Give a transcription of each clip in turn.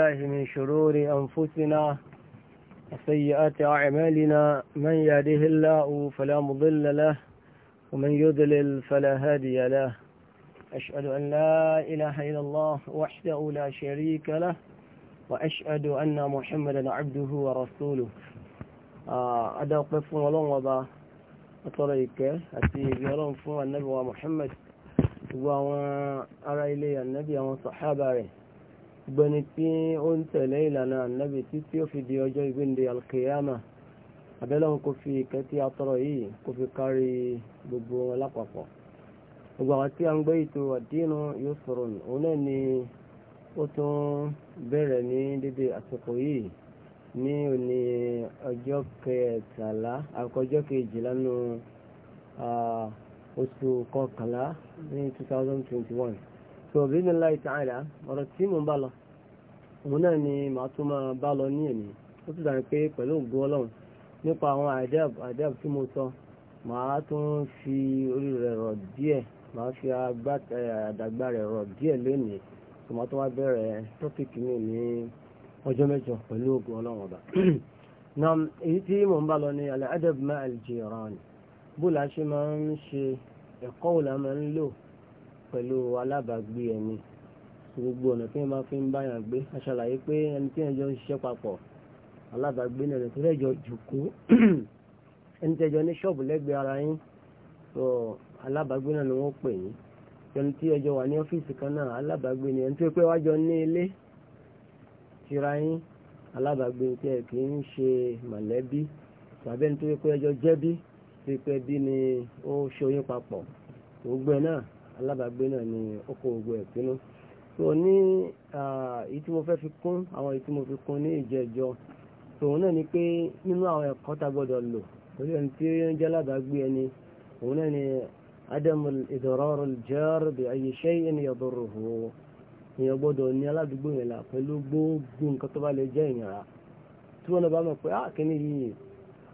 الله من شرور أنفسنا وسيئات أعمالنا من يهده الله فلا مضل له ومن يضلل فلا هادي له أشهد أن لا إله إلا الله وحده لا شريك له وأشهد أن محمدا عبده ورسوله آه، أدى قف ولون وضع أطريك أتي بيرون فو النبي ومحمد وأرى إلي النبي وصحابه gbẹni tí ó ń tẹ̀lé ìlànà ànábì títí ó fi di ọjọ́ ìgbéǹde alkiyama abẹ́lọ́run kò fi ìkẹ́ tí a tọrọ yìí kò fi kárí gbogbo wọn lápapọ̀ gbogbo àwọn tí a ń gbé ètò àdínú yusrun òun náà ni ó tún bẹ̀rẹ̀ ní dédé àsìkò yìí ní òní ọjọ́ kẹtàlá àkọjọ́ kejìlá nù ah, oṣù kọkànlá ní 2021 so bíníláì tààlà ọ̀rọ̀ tí mò ń bá lọ òun náà ni màá tún máa bá lọ ní èmi ó sì dàbí pé pẹ̀lú ògbó ọlọ́run nípa àwọn adab adab tí mo sọ màá tún fi orí rẹ̀ rọ̀ díẹ̀ màá fi àdàgbà rẹ̀ rọ̀ díẹ̀ lónìí tó máa tún wá bẹ̀rẹ̀ tọ́pìkì mi ní ọjọ́ mẹ́jọ pẹ̀lú ògbó ọlọ́run pẹ̀lú alábàágbé ẹni gbogbo ọ̀nà tí wọ́n máa fi ń báyàn gbé aṣàlàyé pé ẹni tí ẹjọ́ ń ṣiṣẹ́ papọ̀ alábàágbé náà lè tẹ́lẹ̀ jọ jùkú ẹni tẹ́jọ ní ṣọ́ọ̀bù lẹ́gbẹ̀ẹ́ ara yín tó alábàágbé náà ni wọ́n pè yín ẹni tí ẹjọ wà ní ọ́fíìsì kan náà alábàágbé ni ẹni tó pé wájọ ní ilé tira yín alábàágbé tí ẹ kì í ṣe mọ̀lẹ́bí tàbí ẹni tó pé ẹjọ jẹ́bí tó pé bí ni ó ṣoyún papọ̀ gbogbo ẹ náà alábàágbé náà ni ó kó gbogbo ẹ̀ sínú so ní èyí tí mo fẹ́ fi kún àwọn èyí tí mo fi kún ní ìjẹ́jọ́ tòun náà ni pé nínú àwọn ẹ̀kọ́ tá gbọ́dọ̀ lò torí ẹni tí ó ń jẹ́ alábàágbé ẹni òun náà ni adamu ìdọ̀rọ̀rọ̀ jẹ́rọ̀ bí ayé ṣe ẹni ọ̀dọ̀rọ̀ hù èèyàn gbọ́dọ̀ ní aládùúgbò yẹn là pẹ̀lú gbogbo nǹkan tó bá lè jẹ́ ìnira tí wọ́n bá mọ̀ pé àkíní ah, yìí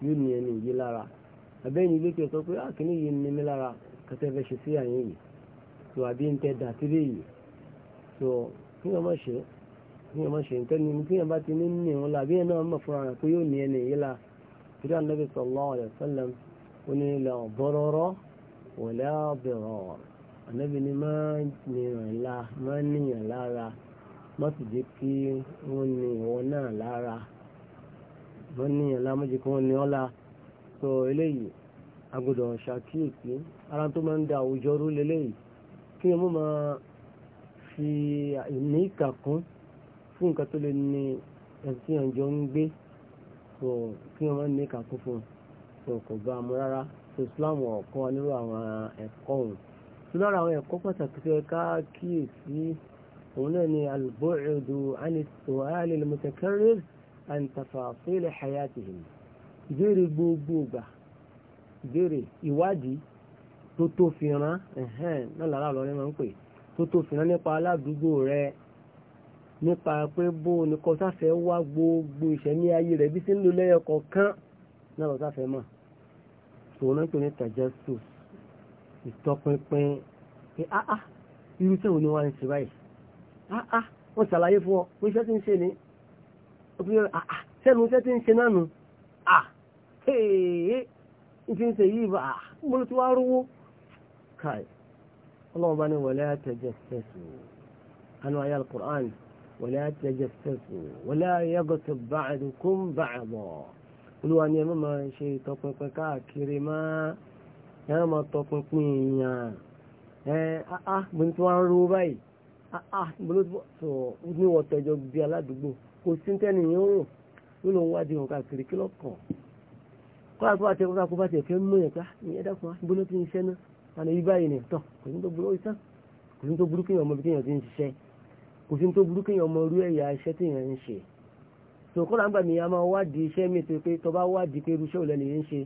yóò ní ẹni yìí lára àbẹ́yìn ilé ah, kí ẹ sọ pé àkíní yìí ní mi lára kẹtẹ́fẹ́ ṣe sí àyẹ̀yìn tó a bie tẹ dà sílẹ̀ yìí tó ma wọ́n má ṣe kí wọ́n má ṣe ń tẹ́ni kí wọ́n bá ti ní ní wọn làbí ẹ̀ náà mọ̀ fúnra rẹ̀ pé yóò ní ẹni yìí sallallahu alaihi wasallam ó ní la wala ni má la na la ma la ara da kí ọmọ máa fi ìní ìkàkún fún nǹkan tó lè ní ẹ̀sìn àjọ ń gbé so kí ọmọ ní ìkàkún fún so kò bá mu rárá so Islam ọ̀kan nírú àwọn ẹ̀kọ́ òun so lára àwọn ẹ̀kọ́ pàtàkì tó yẹ ká kíyèsí òun náà ni al-bu'du 'an as-su'al ìbéèrè gbogbo ìbéèrè ìwádìí tó tó fi rán ẹ̀hẹ́n náà lára lọ́rin máa ń pè tó tó fi rán nípa aládùúgbò rẹ nípa pé bó ní kọ sáfẹ́ wá gbogbo ìṣẹ̀mí ayé rẹ̀ bí sí ń lò lẹ́yọ kọ̀ọ̀kan náà lọ sáfẹ́ mọ̀ tòun náà pè ní tajassus ìtọpinpin pé áá irú tí òun ni wọ́n ń ṣe báyìí áá wọ́n ṣàlàyé fún ọ pé iṣẹ́ tí ń ṣe ni ó fi áá sẹ́nu iṣẹ́ tí ń ṣe náà nù áá hèèyé ń ti ń ṣe yìí bá mo ti wá rówó káì ọlọ́run bá ní wala tajassasu anú ayé alukur'an wala tajassasu wala yaghtab ba'dukum ba'da olúwa ni ẹ má máa ṣe tọpinpin káàkiri máa ẹ má máa tọpinpin èèyàn ẹ áá gbẹ̀ntì wọn rú báyìí áá gbẹ̀ntì wọn sọ ní wọ́tẹ̀jọ bí aládùúgbò kò sí tẹ́ni yín rò ló ń wádìí wọn káàkiri kí lọ́kàn kọ́ àgbà tẹ́kọ́ bá tẹ̀ fẹ́ mú yẹn ká ní ẹ̀dá kan gbóná tí ń ṣẹ́ náà àná yí báyìí ni tọ́ kò sí tó burú ó tán kò sí tó burú kéèyàn ọmọ bí kéèyàn ti ń ṣiṣẹ́ kò sí tó burú kéèyàn ọmọ irú ẹ̀yà iṣẹ́ téèyàn ń ṣe tòkó làǹgbà mi a máa wádìí iṣẹ́ mi tó pé tọba wádìí pé irúṣẹ́ òlẹ̀ lè ń ṣe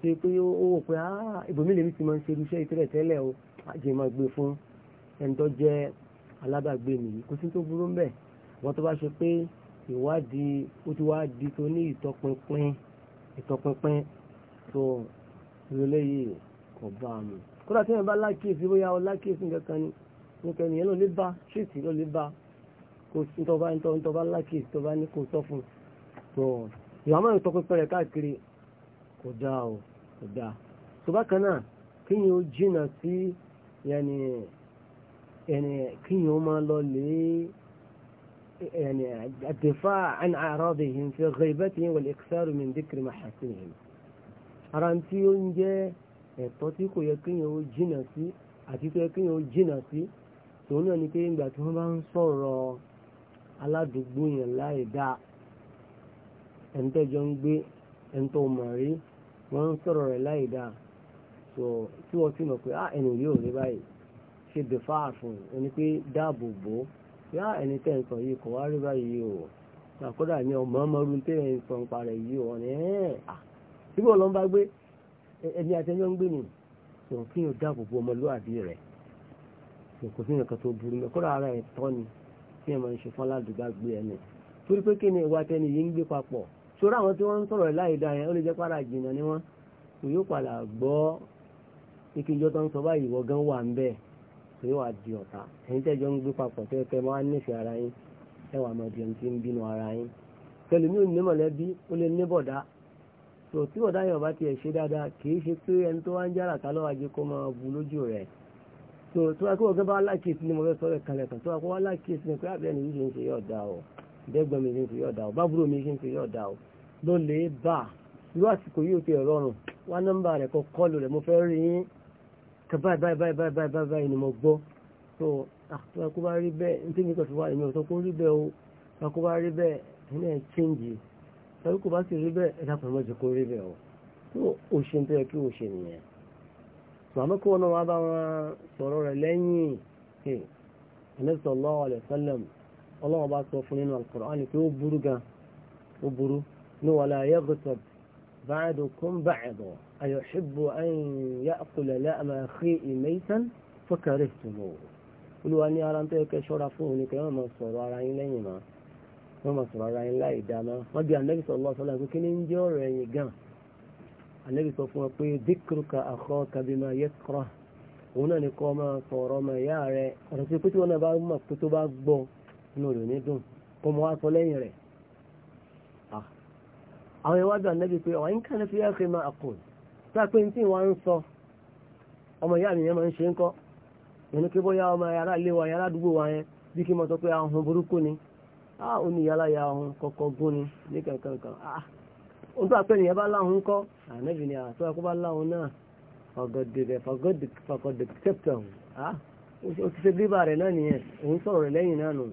tó pé ó wò pé ah, ibòmí lèmi ti máa ń ṣe irúṣẹ́ ìtẹ́lẹ̀ tẹ́lẹ̀ o àjẹ́ máa gbé e fún ẹni jẹ́ alábàgbé mi kò sí tó burú mbẹ̀ wọ́n tó bá ṣe pé ìwádìí ó ti wá di tó ní ìtọpinpin ìtọpinpin tó ìrọ̀lẹ́ yìí kò kódà tí wọ́n bá lákìsí bóyá ọ lákìsí kankan ni nǹkan ènìyàn ló lè bá ṣètì ló lè bá kò sí tọba tọba lákìsí tọba ní kò tọ́ fún tó ìwà máa ń tọ́ pípẹ́ rẹ̀ káàkiri kò dáa o kò dáa tó bá kan náà kí ni ó jìnnà sí yẹnì yẹnì kí ni ó máa lọ lè يعني الدفاع عن أعراضهم في غيبتهم والإكثار من ذكر محاسنهم أرانتي ينجي ẹ̀tọ́ tí kò yẹ kéèyàn ó jìnà sí àti tó yẹ kéèyàn ó jìnà sí tòun náà ni pé ìgbà tí wọ́n bá ń sọ̀rọ̀ aládùúgbò yẹn láì dáa ẹni tẹ́jọ ń gbé ẹni tó mọ̀ rí wọ́n ń sọ̀rọ̀ rẹ̀ láì dáa tó tí wọ́n sì mọ̀ pé ah ẹni yóò rí báyìí ṣe dèfà fún ẹni pé dáàbò bò ó pé ah ẹni tẹ́ ń sọ yìí kò wá rí báyìí o àkọ́dà ni ọmọ ọmọ ọdún tẹ́lẹ̀ ń sọ ń parẹ́ yìí o ẹbí àtẹjọ́ ń gbé ni tó kí yóò dáàbò bo ọmọlúwàbí rẹ̀ tó kò sí nǹkan tó burú mẹ́ kóra ara ẹ̀ tọ́ ni kí ẹ̀ máa ń ṣe fún aládùúgbà gbé ẹni torí pé kí ni ìwà tẹni yìí ń gbé papọ̀ sórí àwọn tí wọ́n ń sọ̀rọ̀ láì dáa yẹn ó lè jẹ́ para jìnnà ni wọ́n kò yóò padà gbọ́ ìkíjọ́ tó ń sọ báyìí ìwọ gan wà ń bẹ̀ kò yóò wá di ọ̀tá ẹ̀yin tẹ́jọ́ ń gbé papọ̀ tẹ́tẹ́ máa ń nífẹ̀ẹ́ ara yín ẹwà mọ̀jẹ̀ ti ń bínú ara yín pẹ̀lú mi ò ní mọ̀lẹ́bí ó lè ní bọ̀dá tó tí bọ̀dá yẹn ọba tiẹ̀ ṣe dáadáa kì í ṣe pé ẹni tó wá ń jára ká lọ́wọ́ ajé kó máa bu lójú rẹ̀ tó tó wá kó ọgbẹ́ bá lákìsí ni mo fẹ́ sọ rẹ̀ kalẹ̀ kan tó wá kó wá lákìsí ni pé àbẹ́ ah, ni yìí ṣe ń ṣe yọ̀ dá o dẹ́gbọ́n mi ṣe ń ṣe yọ̀ dá o bábúrò mi ṣe ń ṣe yọ̀ dá o ló lè bà irú àsìkò yìí ò ti rọrùn wá nọ́mbà rẹ̀ kọ́ kọ́lù rẹ̀ mo fẹ́ rí yín kà báyìí báyìí báyìí báyìí báyìí ni mo gbọ́ ah, tó àkókò bá rí bẹ́ẹ̀ ní tí mi kàn fi wá ìmọ̀ tó kó rí bẹ́ẹ̀ o àkókò bá rí bẹ́ẹ̀ ẹ̀ náà change tàbí kò bá sì rí bẹ́ẹ̀ ẹ̀dá pẹ̀lú ọjọ́ kó rí bẹ́ẹ̀ o tí o ṣe ń tẹ́ kí o ṣe nìyẹn màmá kí wọn náà wá bá wọn sọ̀rọ̀ rẹ̀ lẹ́yìn ẹ̀ Ànábì sallallahu alaihi wasallam ọlọ́wọ́ bá sọ fún nínú Al-Qur'an pé ó burú gan ó burú ní wala yaghtab ba'dukum ba'dan ayuhibbu ń tẹ́ kẹ́ ṣọ́ra fún wọ́n máa sọ̀rọ̀ ara yín láì dáná wọ́n bí anabi sallallahu alaihi pé kí ni ń jẹ́ ọ̀rọ̀ ẹ̀yìn gan anabi fún wa pé dhikruka akhaka bima yakrah òun náà ni kọ́ máa sọ̀rọ̀ ọmọ ìyá rẹ̀ ọ̀rọ̀ sí pé tí náà bá mọ̀ pé tó bá gbọ́ inú rẹ̀ ní dùn kó mọ́ wá lẹ́yìn rẹ̀ àwọn ìwádìí anabi pé ọ̀hún kàn fi ẹ̀kẹ́ máa kù bí kí mo sọ pé ahun burúkú ni á ah, ò ní yálàyà ọ̀hún kọ̀kọ́ gún ni ní kankan kan á ah, ohun tó àpẹ́ nìyẹn bá láhùn kọ́ ànẹ́bì ni àtọ́ ẹ̀kọ́ bá láhùn náà fàgọ́dẹ̀kẹ́ fàgọ́dẹ̀kẹ́ tẹ̀pẹ̀ ọ̀hún á ó ti ṣe bíbà rẹ̀ náà nìyẹn òun sọ̀rọ̀ rẹ̀ lẹ́yìn náà nù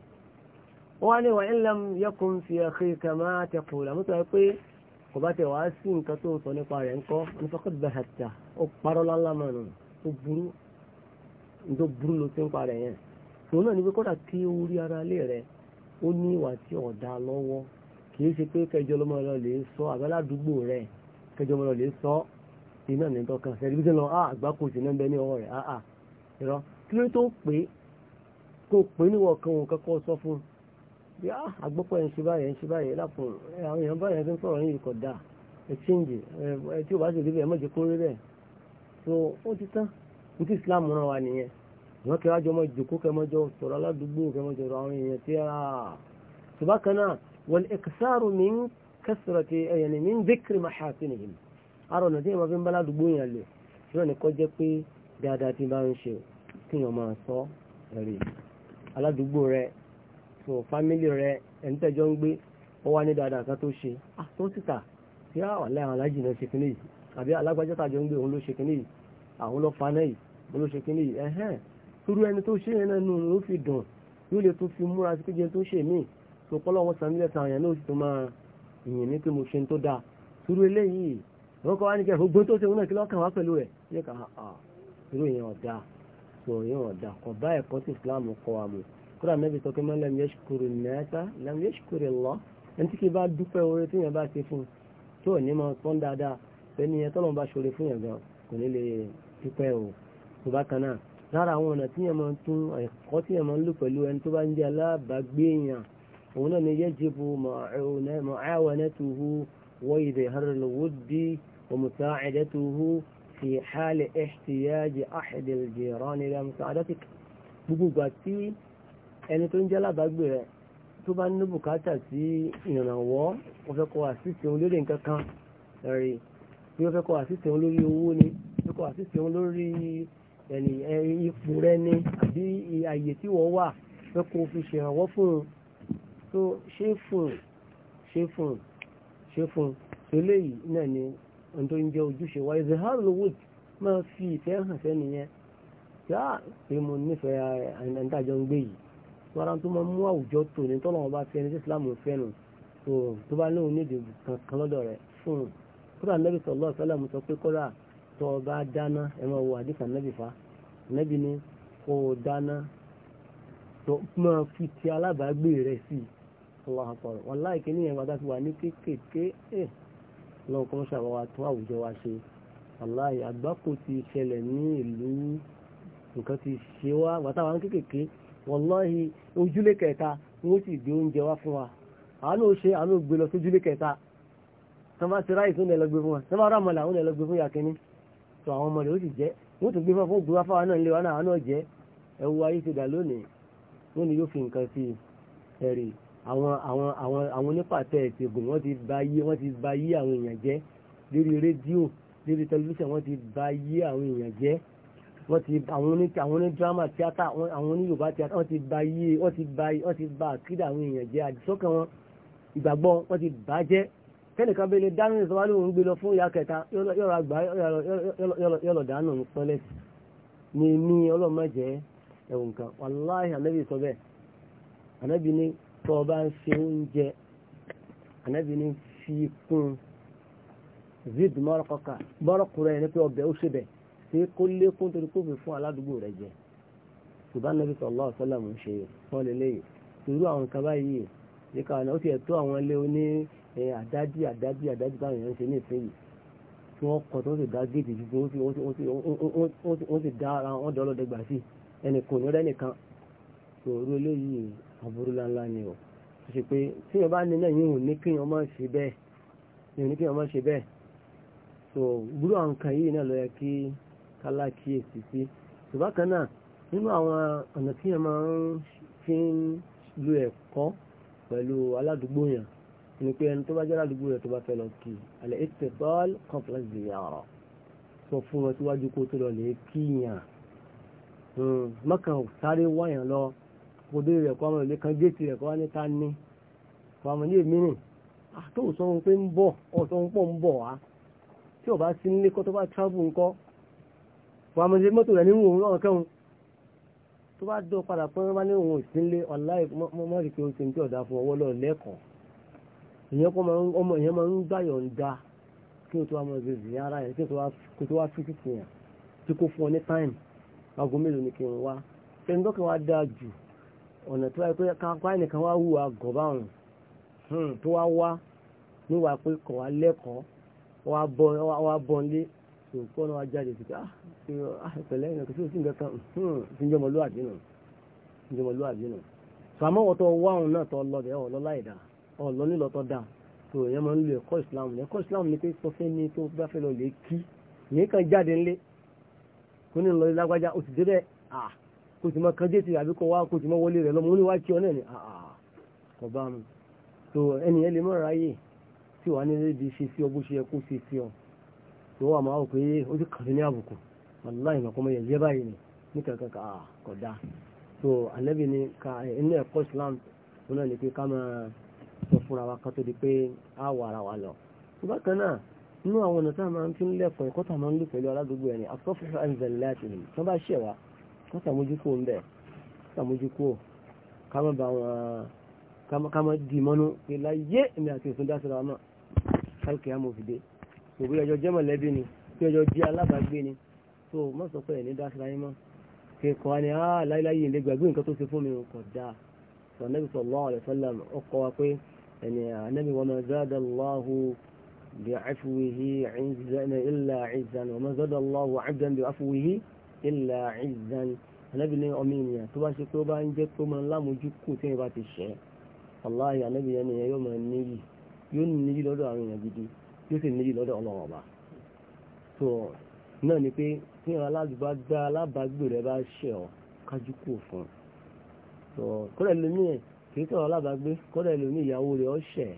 wọ́n ní wà ilẹ̀ yẹkùn fi ẹ̀kẹ́ kama tẹ̀kù làmútọ́ ẹ pé kò bá tẹ̀ wàá sí nǹkan tó sọ nípa rẹ̀ ńkọ́ onífọ́kọ́ bẹ̀hẹ̀tà ó parọ́ lálá mọ̀ nù tó burú tó burú ló ti ń parẹ̀ yẹn tòun náà ní pé kódà kí ó rí ara lé rẹ̀ ó ní ìwà tí ọ̀dà lọ́wọ́ kì í ṣe pé kẹjọ lọ́mọ lọ lè sọ àbáládùúgbò rẹ̀ kẹjọ lọ́mọ lọ lè sọ iná ní tọkàn ṣẹlẹ̀ bí sẹ́nu ah, àgbákò sí náà bẹ ní ọwọ́ rẹ̀ àà ah, ìrọ ah. kí ló tó pé kó pé níwọ̀n kan òun kọ́kọ́ sọ fún bí a àgbọ́pọ̀ ẹ̀ ń ṣe báyìí ẹ̀ ń ṣe báyìí lápò àwọn èèyàn báyìí ẹ̀ ń sọ̀rọ̀ yìí kọ̀ dáa ẹ̀ ẹ̀ tí ò bá ṣe so ó ti tán ní ti Islam rán wọ́n kí wájọ mọ́ ìjòkó kẹmọ́jọ sọ̀rọ̀ aládùúgbò kẹmọ́jọ sọ̀rọ̀ àwọn èèyàn tí ara ṣùgbọ́n wọ́n ẹ̀kẹ́sàrù mi ń kẹsọ̀rọ̀ ti ẹ̀yàn mi ń dékìrì máa ṣe àti nìyí arọ̀ nà tí èèyàn fi ń bá aládùúgbò yẹn lò ṣùgbọ́n ní kọ́ jẹ́ pé dáadáa ti máa ń ṣe kí èèyàn máa sọ ẹ̀rí aládùúgbò rẹ sọ fámílì rẹ ẹni ń gbé ó irú ẹni tó ṣe yẹn náà nù ló fi dùn yóò lè tún fi múra sí kéjẹ tó ṣe míì tó pọ́lọ́wọ́ sàmì lẹ́sà àwọn yẹn náà sì tó máa yìn ní pé mo ṣe ń tó dáa irú eléyìí wọ́n kọ́ wá ní kẹ́ gbogbo tó ṣe wọn kí lọ́kàn wá pẹ̀lú rẹ̀ yẹ ká ah, ah, irú yẹn ọ̀dà sọ yẹn ọ̀dà kò bá ẹ̀kọ́ sí Islam kọ́ wa mu kúrò àmẹ́bí sọ pé mọ́lẹ́m yẹ́ṣukúrò nẹ́ẹ́ta lẹ́m yẹ́ṣukúrò lọ ẹni tí kì í bá dúpẹ́ oore tí yẹn bá ṣe fún un tí ò ní máa lára àwọn ọ̀nà tí yẹn máa ń tún ẹ̀kọ́ tí yẹn máa ń lò pẹ̀lú ẹni tó bá ń jẹ́ alábàágbé èèyàn òun náà ni yajibu mu'awanatuhu wa izharu al-wuddi wa musa'adatuhu fi hali ihtiyaji ahadi al-jiran ila musa'adatik gbogbo ìgbà tí ẹni tó ń jẹ́ alábàágbé rẹ̀ tó bá ní bùkátà sí ìrànwọ́ wọ́n fẹ́ kọ́ àṣìṣe òun lórí nǹkan kan rẹ̀ bí wọ́n fẹ́ kọ́ àṣìṣe òun lórí owó ni wọ́n fẹ́ kọ́ àṣìṣe òun lórí ẹni ipò rẹ ni àbí àyè tí wọ́n wà pé kò fi ṣèrànwọ́ fún un tó ṣe fún un ṣe fún un ṣe fún un tó léyìí náà ni ohun tó ń jẹ ojúṣe wa ìzẹ̀hár lówùd máa fi ìfẹ́ hàn sẹ́ni yẹn tí a pé mo nífẹ̀ẹ́ àìdájọ́ ń gbé yìí wàrà tó máa mú àwùjọ tò ní tọ́lọ́ wọn bá fẹ́ ní tí Islam fẹ́ nù tó bá lóun nídìí kankan lọ́dọ̀ rẹ̀ fún un kódà nẹ́bí sọ̀lọ́ ọ̀sálàmù sọ pé kódà tó o bá dáná ẹ máa wo àdìsàn nẹ́bì fa nẹ́bì ni kó o dáná tó máa fi ti alábàágbé rẹ̀ sí i Allahu Akbar wallahi kíní yẹn bàtà ti wà ní kéékèèké ẹ̀ eh, lọ́wọ́ kọ́ ṣàwọ́ wa tó àwùjọ wa ṣe wallahi àgbákò ti ṣẹlẹ̀ ní ìlú nǹkan ti ṣe wá bàtà wa ní kéékèèké wallahi ojúlé kẹta wọ́n sì gbé oúnjẹ wá fún wa àánú ṣe àánú gbé lọ sójúlé kẹta tọ́ba ti ráì tó ń lọ gbé fún wa tọ́ba rámọ̀lá ó ń lọ gbé fún yàkíní tó àwọn ọmọ rẹ̀ ó sì jẹ́ wọ́n tún gbé fún ọgbọ́n wá fáwọn náà ń lé wọn náà jẹ́ ẹwu ayé ti dà lónìí wọ́n ni yóò fi nǹkan sí ẹ̀rì àwọn àwọn àwọn àwọn onípàtẹ́ ìṣègùn wọ́n ti ba yé wọ́n ti ba yé àwọn èèyàn jẹ́ lórí rédíò lórí tẹlifíṣàn wọ́n ti ba yé àwọn èèyàn jẹ́ wọ́n ti àwọn oní àwọn oní dírámà tíátà àwọn oní yorùbá tíátà wọ́n ti ba yé wọ́n ti ba wọ́n ti ba àkídà àwọn èèyàn jẹ́ àdìsọ́kàn wọn ìgbàgbọ́ wọ́n ti bàjẹ́ tẹ́nìkan bẹ́ẹ̀ lè dánú ní sọ́wọ́n lóun gbé lọ fún ìyá kẹta yọ̀rọ̀ àgbà yọ̀rọ̀ dánú ní tọ́lẹ́tì ní ní ọlọ́mọdé ẹ̀wọ̀n nǹkan wàláhì ànábì sọ bẹ́ẹ̀ ànábì ní tọ́ bá ń oúnjẹ ní fi kún zid mọ́rọ́kọ́kà bọ́rọ́kùnrin ní pé ọbẹ̀ ó ṣe bẹ̀ tí kó lékún torí kó fi fún aládùúgbò rẹ̀ jẹ ṣùgbọ́n ànábì sallallahu ẹ àdájí àdájí àdájí báwọn èèyàn ṣe ní ìfẹ́ yìí tí wọ́n kọ́ tó sì dá géètì ju wọ́n sì wọ́n sì dá ara wọn dọ́lọ́dẹ gbà sí ẹnìkan ní ọ̀rẹ́ nìkan òru eléyìí àbúrú ńláńlá ni ọ̀ tó ṣe pé tí yẹn bá ní náà yìí ò ní kí yẹn máa ṣe bẹ́ẹ̀ yìí ò ní kí yẹn máa ṣe bẹ́ẹ̀ so gbúrò àwọn nǹkan yìí náà ló yẹ kí kálá kíyèsí sí ṣùgbọ́n kan náà nínú àwọn ọ̀nà tí yẹn máa ń fi ń lo ẹ̀kọ́ pẹ̀lú aládùúgbò yẹn ni pé ẹni tó bá jẹ́rà àdúgbò rẹ̀ tó bá fẹ́ lọ kí alẹ́ ètò bọ́ọ̀lù kọ́pìlá ziyara sọ fún wọn síwájú kó tó lọ lè kíyàn hmm, mọ́kàn sáré wáyàn lọ kó dé rẹ̀ kó àwọn ìlẹ́kan géètì rẹ̀ kó wá níta ní kó àwọn ilé mìíràn àtò ah, sọ wọn pé ń bọ̀ ọ̀sọ̀ ń pọ̀ ń bọ̀ wá tí ò bá sí nílé kó tó bá travel ńkọ́ kó àwọn ilé mọ́tò rẹ̀ nínú òun náà kẹ́hùn tó bá dọ̀ padà pé wọ́n bá ní òun ìsínlé ọ̀láì mọ́ èyàn kọ́ ọmọ èyàn máa ń gbàyọ̀ ń da kí o tó wá mọ ìrèzì ara yẹn kí o tó wá fífi fún yàn tí kò fún ọ ní táìmù aago mélòó ni kí n wá ẹni tó kàn wá dáa jù ọ̀nà tó wáyé pé káàkiri nìkan wá wùwà gọ̀báhùn hmm, tó wá wá níwà pé kọ̀ wá lẹ́kọ̀ọ́ wá bọ́ ń lé nǹkan náà wá jáde sí pé àpẹẹlẹ ìrìn kò sí hmm, òsì ọ̀lọ́ nílọ tó dáa tó èèyàn máa ń lo ẹ̀kọ́ islam ẹ̀kọ́ islam ni pé sọ fẹ́ ni tó bá fẹ́ lọ lè kí ìyẹn kan jáde ńlé kó ní lọ lágbájá o sì débẹ̀ à kò sì máa kanjé ti àbíkọ wá kò sì máa wọlé rẹ lọ mo ní wá kí ọ náà ni kò bá mi tó ẹnìyẹn lè mọ̀ ráyè tí wàá ní lédi ṣe sí ọ bó ṣe yẹ kó ṣe sí ọ tó wà máa wò pé ó ti kàn ní àbùkù wàláì mọ̀kọ́ mọ̀ yẹ̀ báyìí ni ní kankan kà á kọ̀ dáa tó àlẹ́bí ni ka inú ẹ̀kọ́ islam ó náà ní pé ká máa sọ fúnra wa kan tó di pé a wà ara wa lọ. bákan náà inú àwọn ọ̀nà tá a máa ń fi ń lẹ́kọ̀ọ́ ẹ̀kọ́ tá a máa ń lò pẹ̀lú aládùúgbò ẹni asọ́fúnfún ẹ̀ǹzẹ̀lì láti rìn tán bá ṣẹ̀ wá kó sàmójúkú ń bẹ̀ sàmójúkú ká má ba wọn ká má di mọ́nú pé láyé èmi àti òsùn dá síra mọ́ kálukì á mọ̀ fìdé òbí ọjọ́ jẹ́ mọ̀lẹ́bí ni bí ọjọ́ jẹ́ alábàágbé ni tó má sọ pé ẹ̀ní dá síra yín mọ́ kẹkọ̀ọ́ ni á ah, láyé láyé ìlẹ́gbàgbé nǹkan tó ṣe fún mi kọ̀ dáa sọ̀nẹ́bí sọ̀lọ́ ẹni ànábì wa ma zada Allahu bi afwihi izzan illa izzan wa ma zada Allahu abdan bi afwihi illa izzan ànábì ní ọmọ ènìyàn tó bá ṣe pé ó bá ń jẹ́ pé ó máa ń lámojú kù tí wọ́n bá ti ṣẹ́ aláì ànábì yẹn nìyẹn yóò máa níyì yóò níyì lọ́dọ̀ àwọn èèyàn gidi yóò sì níyì lọ́dọ̀ ọlọ́wọ́ tó náà ni pé tí àwọn aládùúgbò gbá alábàágbé rẹ bá ṣẹ̀ ọ́ kájú kù fún un tó kọ́lẹ̀ lómi ẹ̀ kìí tọ̀rọ̀ alábàágbé kọ́dà ẹlòmíì ìyàwó rẹ̀ ọ̀ṣẹ̀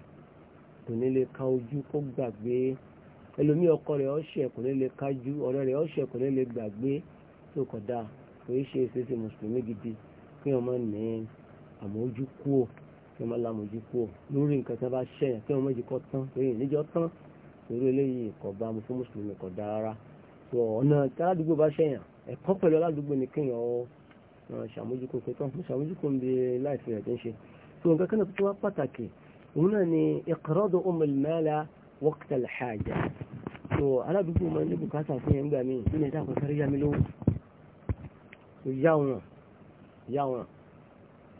kò ní lè ka ojú kó gbàgbé ẹlòmíì ọkọ rẹ̀ ọ̀ṣẹ̀ kò ní lè kájú ọ̀rẹ́ rẹ̀ ọ̀ṣẹ̀ kò ní lè gbàgbé tó kọ̀dà kò í ṣe ìṣesí mùsùlùmí gidi kí wọ́n máa ní àmójú kúò kí wọ́n máa lámójú kúò lórí nǹkan tí wọ́n bá ṣẹ̀ kí wọ́n máa jìkọ́ tán lórí ìníjọ́ tán torí eléyìí kò bá mu fún mùsùlùmí kò dára ọ̀nà tí aládùúgbò bá ṣẹ̀yàn ẹ̀kọ́ pẹ̀lú aládùúgbò ni kéèyàn ṣàmójúkò pé tó ń ṣàmójúkò ń bi láìsí rẹ̀ tó ń ṣe tó nǹkan kan tó wá pàtàkì òun náà ni ìkọ̀rọ̀dọ̀ ọmọlẹ́mẹ́lá wọ́kítàlì ṣáàjà tó aládùúgbò máa ń ní bùkátà fún yẹn gbà mí nínú ìdá kan sáré yá mi lówó tó yá wọn yá wọn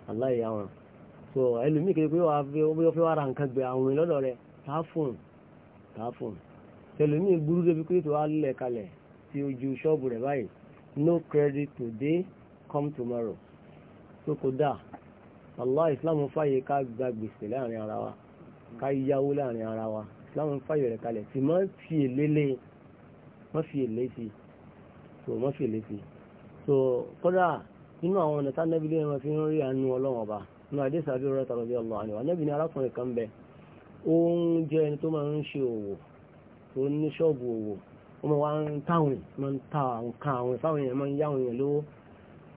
aláì yá wọn tó ẹlòmíì kiri pé wàá fi ó fẹ́ wàá ra nǹkan gbé àwọn èèyàn no credit today come tomorrow tó kò dáa allah islam fàyè ká gba gbèsè láàrin ara wa ká yáwó láàrin ara wa islam fàyè rẹ̀ kalẹ̀ tí má fi èlé lé fi èlé sí so ma fi èlé sí so kódà inú àwọn ọ̀nà tá nẹ́bílé wọn fi ń rí àánú ọlọ́run ọba inú adé sàbí rẹ̀ tọrọ bí ọlọ́run àníwá nẹ́bí ni arákùnrin kan bẹ ó ń jẹ́ ẹni tó máa ń ṣe òwò tó ní ṣọ́ọ̀bù òwò ó máa ń táwọn máa ń ta àwọn kan àwọn ìfáwọn èèyàn máa ń yá àwọn èèyàn lówó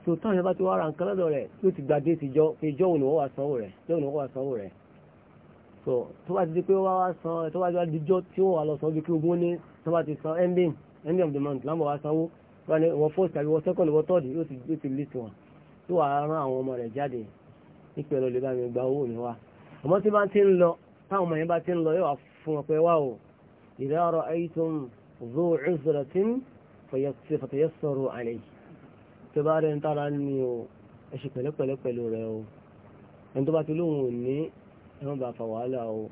tó táwọn yẹn bá ti wá ra nǹkan lọ́dọ̀ rẹ̀ yóò ti gbàgbé tìjọ pé ìjọ òun ni wọ́n wá sanwó rẹ̀ ìjọ òun ni wọ́n wá sanwó rẹ̀ tó tó bá ti di pé wọ́n wá san tó bá ti wá dijọ́ tí wọ́n wá lọ san bí kí ogún ní tó bá ti san ending end of the month láwọn wá sanwó wọ́n ní wọ́n first tàbí wọ́n second wọ́n third yóò ti yóò ti list wọn tó wàá rán àwọn ọmọ rẹ̀ jáde nípẹ́ lọ bá mi gba owó mi wá àmọ́ tí bá ti ń lọ táwọn ọmọ yẹn bá ti ń lọ yóò tẹ bá rẹ ń tara ni o ẹ ṣe pẹ̀lẹ́pẹ̀lẹ́ pẹ̀lú rẹ o ẹni tó bá ti lóhùn ò ní ẹ má bàa fa wàhálà o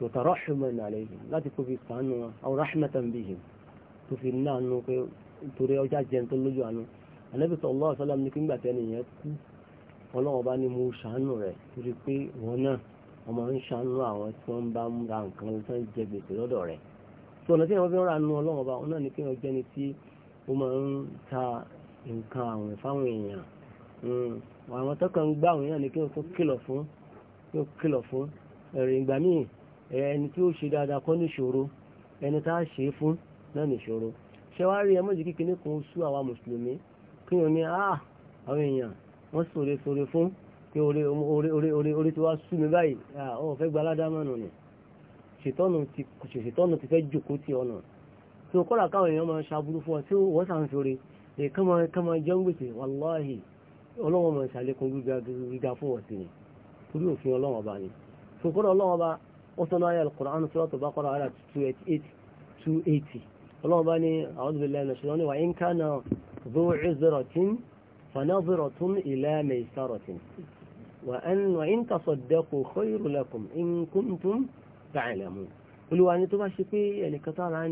lòtàrọ̀ ṣùgbọ́n nàlẹ́ yìí láti kó fi sànù wọn àwọn rahmatan bihim tó fi náà nù pé torí ọjà jẹun tó lójú àánú ànábì sallallahu alaihi wasallam ní kí ngbà tẹ́ni ó máa ń ta nǹkan àwìn fáwọn èèyàn hmm. àwọn tó kàn ń gbá àwọn èèyàn ni kí o tó kìlọ̀ fún kí o kìlọ̀ fún ẹ̀rìn ìgbà míì ẹni tí ó ṣe dáadáa kọ́ ní ìṣòro ẹni tá a ṣe fún náà ní ìṣòro ṣé wàá rí ẹmọ́jì kíkiní kan sú àwa mùsùlùmí kí wọn ní ah àwọn èèyàn wọ́n sòrè sòrè fún pé orí orí orí orí orí tí wàá sú mi báyìí ọ̀ fẹ́ gba aládámọ̀nù ni ṣètọ́nù ti fẹ́ jòkó ti ọ̀nà tí o kọ́ra káwọn èèyàn máa ṣàbúrú fún kama jẹ́ ń gbèsè wàláhì ọlọ́wọ́n mọ̀ ìṣàlékún gíga fún ọ̀sìn ni torí òfin ọlọ́wọ́n bá ni ṣùgbọ́n ọlọ́wọ́n bá ó tọ́nà ayé al-Qur'an suratul Baqara 280 ọlọ́wọ́n bá ní a'udhu billahi minash shaitani wa in kana dhu 'uzratin fanadhiratun ila maysaratin wa in tasaddaqu khayrun lakum in kuntum ta'lamun olùwà ni tó bá ṣe pé ẹnìkan tára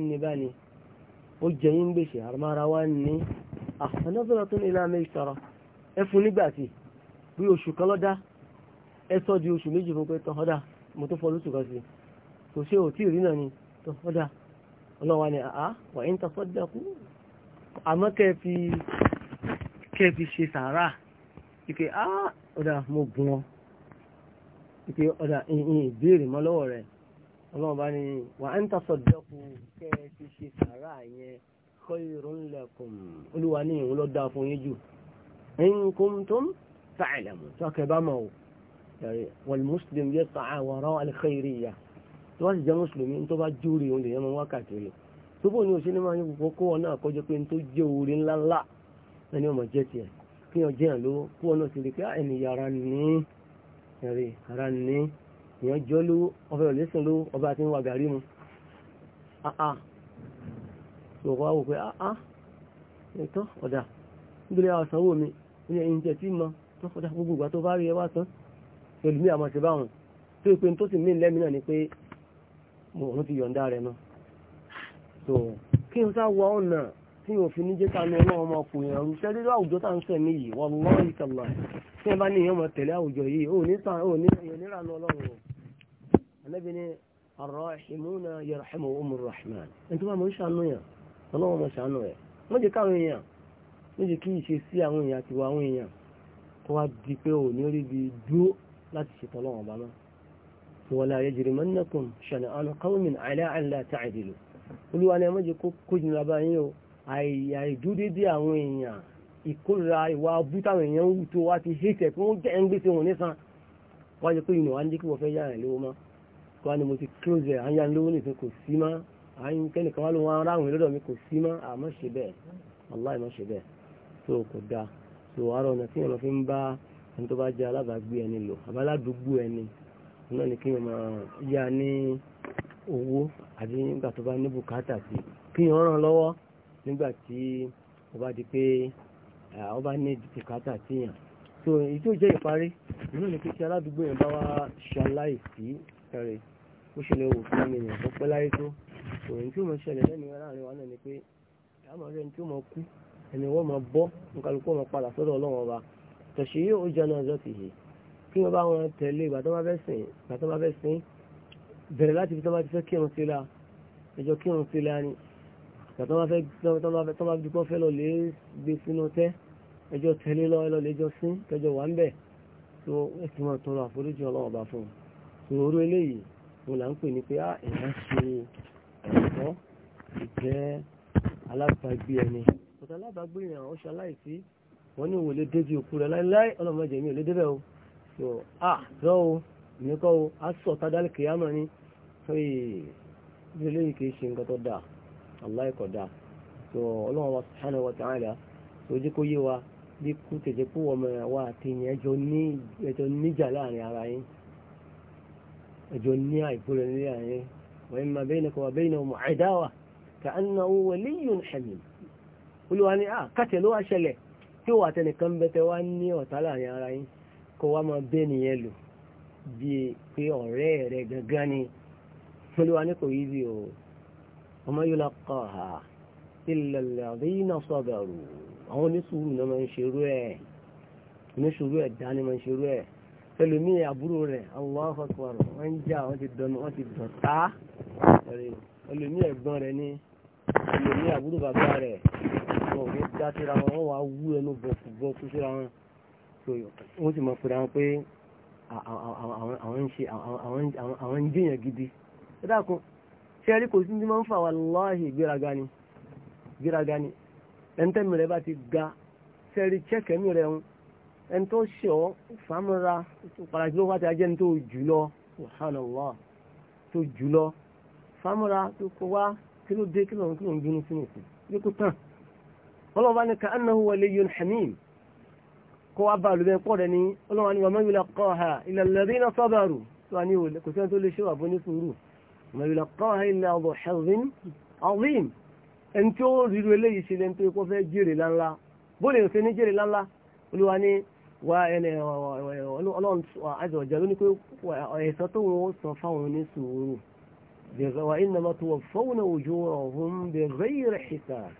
àfẹnọ́bẹ̀rẹ̀ tó ní ilé amẹ́ ìṣọ̀rọ̀ ẹ efu bí oṣù kan ẹ sọ di oṣù méjì fún pé tán mo tó kò ṣe òtí ìrí náà ni tán ọlọ́wà ni àá wà ń tafọ́ dákú àmọ́ kẹfì kẹfì ṣe sàárà ike á ọ̀dà mo gùn ọ ike ọ̀dà ìbéèrè mọ́ lọ́wọ́ rẹ̀ ọlọ́wà wà kẹfì khayrun lakum olúwa ní ìhun ló dáa fún yín jù in kuntum ta'lamun tó akẹ́ bá mọ̀ o wal muslim yas'a wara al-khayriyya tó bá sì jẹ́ mùsùlùmí tó bá júrì òun lè yẹn mọ wákàtí rẹ̀ tó bò ní òṣèlú máa ń yẹ kó kó wọn náà kọjọ pé tó jẹ́ orí ńláńlá ẹni ọmọ jẹ́ tiẹ̀ kí wọ́n jẹ́ yàn kó wọn náà ti rí pé ah, ẹni yàrá ní ẹ̀rí ara ní ìyànjọ́ lówó ọbẹ̀ ọ̀lẹ́sìn lówó ọba àti ń gàrí mu ah, ah sọ̀rọ̀ wá wò pé áá ah, ah, ẹ̀tọ́ ọ̀dà nítorí àwọn sanwó mi ní ẹ̀yìn tẹ̀ tí mọ tó ọ̀dà gbogbo ìgbà tó bá rí ẹ wá tán pẹ̀lú mi àmọ́ tó ìpè tó sì mí lẹ́mìí ni pé mo òun ti yọ̀ǹda rẹ̀ nà so kí n sá wọ ọ̀nà tí yóò fi ní jẹ́ ká ní ọlọ́run ọmọ ọkùnrin ọ̀run sẹ́rí láwùjọ tá à ń sẹ̀ mí yìí wọ́n lọ́ ìkàlà tí wọ́n bá ní ìyọ́mọ tẹ̀lé àwùjọ yìí ò ní rahman ẹni tó bá mọ̀ ń ṣàánú yàn ọlọ́run ọmọ ṣàánú ẹ̀ wọ́n káwọn èèyàn wọ́n kí ìṣe sí àwọn èèyàn àti àwọn èèyàn kó wá di pé ò ní rí bi dúró láti ṣètò ọlọ́run ọba náà tí wọ́n láàyè jìrì mọ́ nínú kùn ṣànà àìlẹ́ àìlẹ́ àti àìdìlò olúwa ni ẹmọ́jẹ́ kó jìnnà bá yín o àìdúdédé àwọn èèyàn ìkórira ìwà abú táwọn èèyàn wù tó wá ti hétẹ̀ pé wọ́n jẹ́ ń wọn nísan wọ́n jẹ́ pé ìnà wá ń jẹ́ kí wọ́n fẹ́ yára lówó mọ́ kó wá ni mo ti close ẹ̀ à ń yára lówó nìkan kò sí mọ́ àyìn kẹ́nìkan wá ló wọn aráhùn lọ́dọ̀ mi kò sí mọ́ àmọ́ ṣe bẹ́ẹ̀ aláì má ṣe bẹ́ẹ̀ tó kò dáa tó ara ọ̀nà tí wọn fi ń bá ẹni tó bá jẹ́ alábàágbé ẹni lò àbáládùúgbò ẹni náà ni kí wọn máa yá ní owó àbí nígbà tó bá ní bùkátà sí kí wọn ràn lọ́wọ́ nígbà tí ó bá di pé ó bá ní bùkátà sí yàn tó èyí tó jẹ́ ìparí náà ni pé tí aládùúgbò òyìn tí ó mọ̀ ṣẹlẹ̀ lẹ́nu láàrin wa náà ni pé àmọ́ rẹ̀ tí ó mọ̀ kú ẹni wọ́n mọ̀ bọ́ nkálukú ọmọ padà sọ́dọ̀ ọlọ́wọ́n ọba tọ̀sí yóò jẹ́ náà ọjọ́ tìyí kí wọ́n bá wọn tẹ̀lé ìgbà tó bá fẹ́ sìn bẹ̀rẹ̀ láti fi tó bá ti fẹ́ kírun sí la ẹjọ́ kírun sí la ni ìgbà tó bá fẹ́ tó bá dúpọ́ fẹ́ lọ lè gbé sínú tẹ́ ẹjọ́ tẹ̀lé lọ ẹlọ lè jọ sín kẹjọ wà ń bẹ̀ tó ẹtì máa tọrọ àforíjì ọlọ́wọ́n ọba fún un sòrò eléyìí mo là ń pè ní pé á ah, ẹ̀yà ṣe ẹ̀tọ́ ìjẹ́ alábàágbé ẹni ọ̀tọ̀ alábàágbé yẹn ó ṣaláìsí wọ́n ní òun lè débi òkú rẹ̀ láíláí ọlọ́mọdé mi ò lè débẹ̀ o so ah rọ o èmi kọ́ o a sọ tádálì kìyàmọ̀ ni fẹ́ẹ́ bí eléyìí kì í ṣe nǹkan tó dáa aláì kọ̀ dáa so ọlọ́run wa subhanahu wa ta'ala so jẹ́ kó yé wa bí kú tètè kú ọmọ ẹ̀ wa àti ìyẹn ẹjọ́ níjà láàrin ara yín ẹjọ́ ní àìkú rẹ̀ nílé àárín وإما بينك وبينهم عداوة كأنه ولي حميم قلوا أني آه قتلوا أشلي tí wà tẹni kan bẹ́tẹ̀ wá ní ọ̀tá láàrin ara yín kó wá máa bẹ́ nìyẹn lò bí pé ọ̀rẹ́ rẹ̀ gangan ni olúwa ní kò yí bí o ọmọ yóò lọ́kọ̀ ha ilẹ̀lẹ̀ àdéhìnà sọ̀bẹ̀rù àwọn oníṣòwò náà máa ń ṣerú ẹ̀ oníṣòwò ẹ̀dá ni máa ń ṣerú ẹ̀ ẹlòmí àbúrò rẹ̀ Allahu Akbar wọ́n ń jà wọ́n ti dọ̀nà wọ́n ti dọ̀tá ẹlòmí ẹ̀gbọ́n rẹ̀ ní ẹlòmí àbúrò bàbá rẹ̀ wọn ò ní dá síra wọn wọ́n wá wú ẹnu bọ̀kú bọ̀kú síra wọn wọ́n sì mọ̀ pé àwọn pé àwọn ń jìyàn gidi ẹ dákun ṣé ẹrí kò sí ní máa ń fà wà láàyè ìgbéraga ni ìgbéraga ni ẹ̀ńtẹ́mi rẹ̀ bá ti ga ṣé ẹrí chẹ́kẹ̀ẹ́mi rẹ̀ ń ẹni tó ṣe ọ́ fàmúra pàtàkì ló wá ti ajẹ́ni tó jù lọ subhanallah tó jù lọ fàmúra tó kọ wá kí ló dé kí ló ń dúnú sínú sí ní kó tán ọlọ́wọ́ ni ka'annahu waliyyun hamim kó wá bá lóbẹ́ pọ̀ rẹ̀ ní ọlọ́wọ́ ni wa ma yulaqaha illa alladhina sabaru tó wà ní kò sẹ́ni tó lè ṣe wà bó ní sùúrù wa ma yulaqaha kọ́ fẹ́ jèrè láńlá wá ẹni ọlọ́run àjọ̀jọ́ ló ní pé ẹ̀sán tó wọ́n sọ fáwọn ní sùúrù wa innama tuwaffawna ujurahum bighayri hisab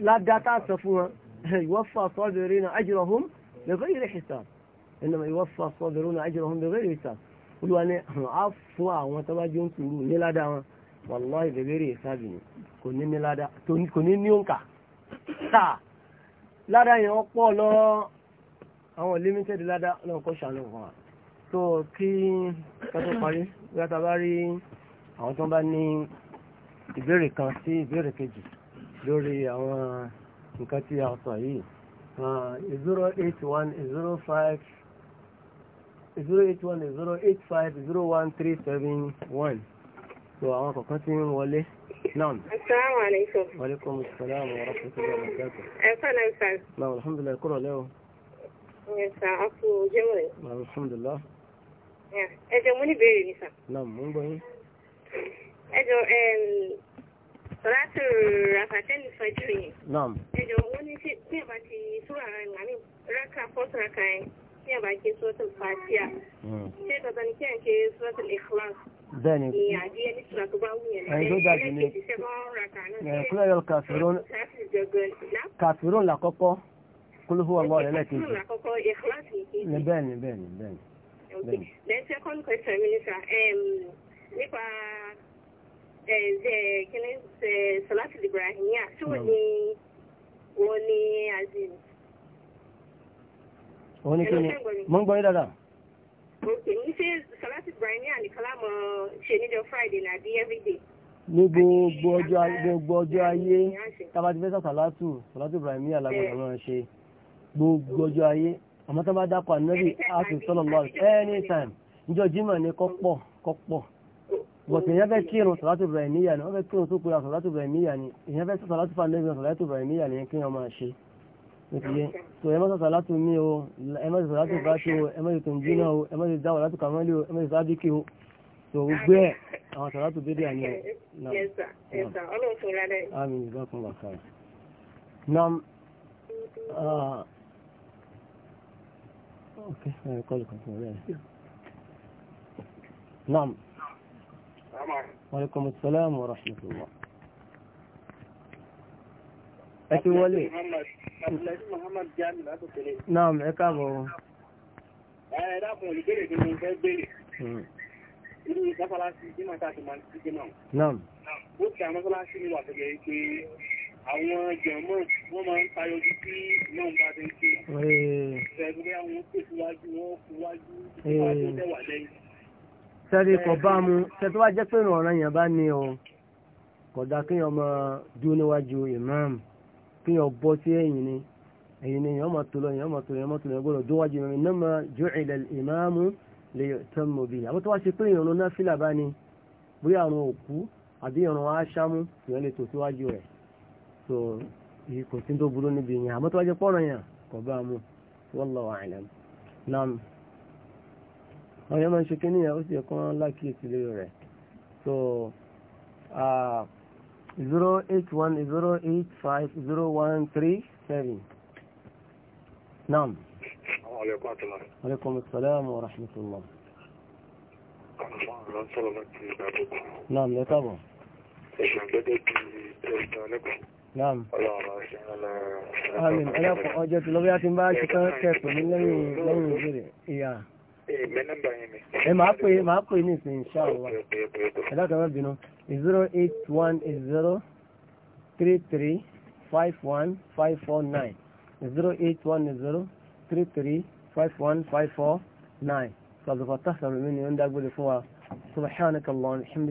ládàtà sọ fún wọn yuwaffa sabiruna ajrahum bighayri hisab innama yuwaffa sabiruna ajrahum bighayri hisab olúwa ní a àwọn tó bá jọ ń sùúrù ní ládàá wọn wallahi bighayri hisab kò ní ní àwọn limited ládá náà kọ́ ṣàánú wọn tó kí kẹtọ́ parí gbáta bá rí àwọn tó bá ní ìbéèrè kan sí ìbéèrè kejì lórí àwọn nǹkan tí a sọ yìí uh, zero eight one zero five zero eight one zero eight five zero one three seven one so àwọn kọ̀ọ̀kan tí ń wọlé náà. asalaamualeykum. waaleykum salaam wa rahmatulahi wa barakatuh. ẹ kọ́ náà sàn. náà alhamdulilayi kúrò lẹ́wọ̀n alhamdulilah. ẹ jọ̀ọ́ mo ní ìbéèrè ni sà. náà mo ń gbọ́ yín. ẹ jọ̀ọ́ sọlátù rafatẹ́lì fẹ́jọ́ yẹn. náà. ẹ jọ̀ọ́ wọ́n ní tí ẹ bá ti súra ara ìgbà mi rákà fọ́tò rákà yẹn tí ẹ bá ké sọ́tò fàtíà. Hmm. ṣé dandan ni kí ẹ ké sọ́tò ikhlas. bẹ́ẹ̀ni ni àdìyẹ ní sùrà tó bá wù yẹn kúlùhù ọlọ́ rẹ̀ lẹ́kẹ̀ẹ́. Ẹ̀kọ́ àkọ́kọ́ ìkíláàsì kejì. Bẹ́ẹ̀ni bẹ́ẹ̀ni bẹ́ẹ̀ni. Okay. Then second question, Minister, um, nípa eh, kíní Salatu Ibrahimiyya, tí wọ́n ní wọ́n ní Azim. Òun ni kíni, mo ń gbọ́ yín dáadáa. Ok, ní ṣe Salatu Ibrahimiyya nìkan lámọ̀ ṣe níjọ Friday nàbí everyday ní gbogbo ọjọ́ ayé tàbátí fẹ́ sàtàlátù sàtàlátù Ibrahimiyya alágbàdàn eh. ṣe gbogbo ọjọ́ ayé àmọ́ tó bá dákọ̀ ànábì àti sallallahu anytime níjọ́ jimá ni kọ́pọ̀ kọ́pọ̀ bọ̀tẹ̀ èèyàn fẹ́ kírun sọ̀látù rẹ̀ níyà ni wọ́n fẹ́ kírun tó pe sọ̀látù rẹ̀ níyà ni èèyàn fẹ́ sọ̀látù fún ànábì sọ̀látù rẹ̀ níyà ni kí wọ́n máa ṣe òtìyẹ tó ẹ mọ́sọ̀ sọ̀látù mi o ẹ mọ́sọ̀ sọ̀látù bá ṣe o ẹ mọ́sọ̀ tó ń jiná o ẹ mọ́sọ̀ dáwọ̀ látù kàmọ́lì o ẹ mọ́sọ̀ sábìkì o tó gbé ẹ̀ àwọn sọ̀látù bíbí àní ẹ̀ náà. Okay, I'll call you confirm. نعم وعليكم السلام ورحمة الله أتي ولي محمد نعم عقابه irú mọ́sálásí jímọ̀ tá a hmm. ti máa ń ti jímọ̀. náà. ó ti àwọn mọ́sálásí ní wàtẹ́gẹ́ pé àwọn jẹ̀mọ́ wọ́n máa ń tayọ bí tí náà bá ti ń ṣe. ẹgbẹ́ àwọn tẹ̀síwájú wọn kú wájú wájú tẹ̀wà lẹ́yìn. sẹ́rí kò bá mu tẹ́tí wá jẹ́ pé ìrànlọ́rọ̀ yẹn bá ní o kò dá kéèyàn máa dúró níwájú ìmáàmù kéèyàn bọ́ sí ẹ̀yìn ni ẹ̀yìn ni èèyàn máa tó lọ èèyàn máa tó lọ èèyàn máa tó lọ gbọ́dọ̀ dúró wájú ìmáàmù máa ju ìlẹ̀ ìmáàmù lè tẹ́ mọ̀ bí àbútọ́ wá ṣe pé ìrànlọ́ náà fìlà bá ní bóyá àrùn òkú àbí ìrànlọ́ aṣámú ìrànlẹ́ tó síwájú rẹ̀ so kò sí tó burú níbi yẹn àmọ́ tó wájú pọ́nrọ̀ yẹn kò bá mu wallahu a'lam nam àwọn yẹn máa ń ṣe kí nìyẹn ó sì yẹ kó wọn lórí rẹ̀ so zero eight one zero eight five zero one three seven nam. aleykum salaam. aleykum salaam wa rahmatulah. naam lẹ́tàbọ̀. ẹ̀sìn gẹ́gẹ́ bíi tẹ̀sítọ̀ nípa naam amin ẹlẹ́kùn ọjọ́ tí lọ́wọ́ yá ti ń bá ṣe kán kẹ́ẹ̀pù ní lẹ́yìn lẹ́yìn ìbéèrè ìyá ẹ máa pè máa pè ní ìsìn ìṣàwọ̀ ẹlẹ́kùn ẹ̀rọ bínú zero eight one eight zero three three five one five four nine zero eight one zero three three five one five four nine sọ̀rọ̀ fọ́tà sọ̀rọ̀ mi ni ó ń dágbére fún wa subhanaka Allahumma